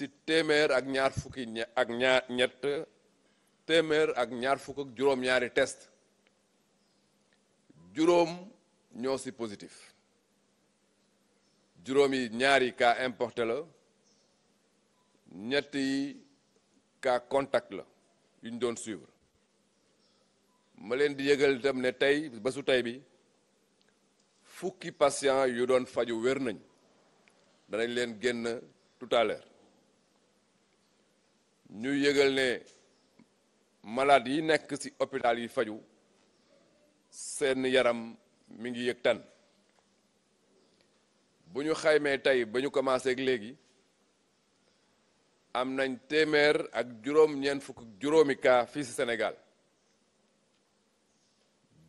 si téeméer ak ñaar fukki ak ñaar ñett téeméer ak ñaar fukk juróom-ñaari test juróom ñoo si positif juróom yi ñaari kaa importé la ñett yi cas contact la yu ñu doon suivre ma leen di yëgal dem ne tey bésu tey bi fukki patient yu doon faju wér nañ danañ leen génn tout ñu yëgal ne malade yi nekk ci hôpital yi faju seen yaram mi ngi yëg tan bu ñu xaymee tey ba ñu commencé ak léegi am nañ téeméer ak juróom ñeent fukk juróomi cas fii ci senegal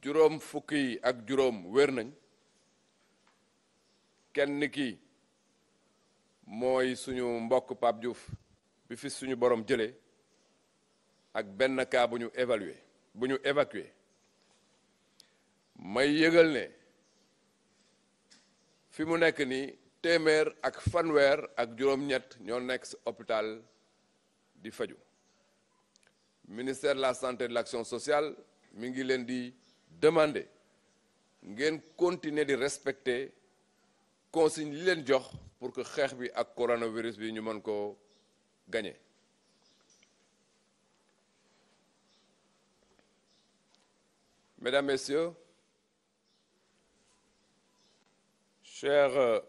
juróom fukk yi ak juróom wér nañ kenn ki mooy suñu mbokk Pape Diouf bi fi suñu borom jëlee ak benn cas bu ñu évalué bu ñu évacué may yëgal ne fi mu nekk nii téeméer ak fanweer ak juróom-ñett ñoo nekk si hôpital di faju ministère de la santé et de l'action sociale mi ngi leen di demander ngeen continuer di respecter consigne li leen jox pour que xeex bi ak coronavirus bi ñu mën ko gagné Mesdames, Messieurs, chers euh,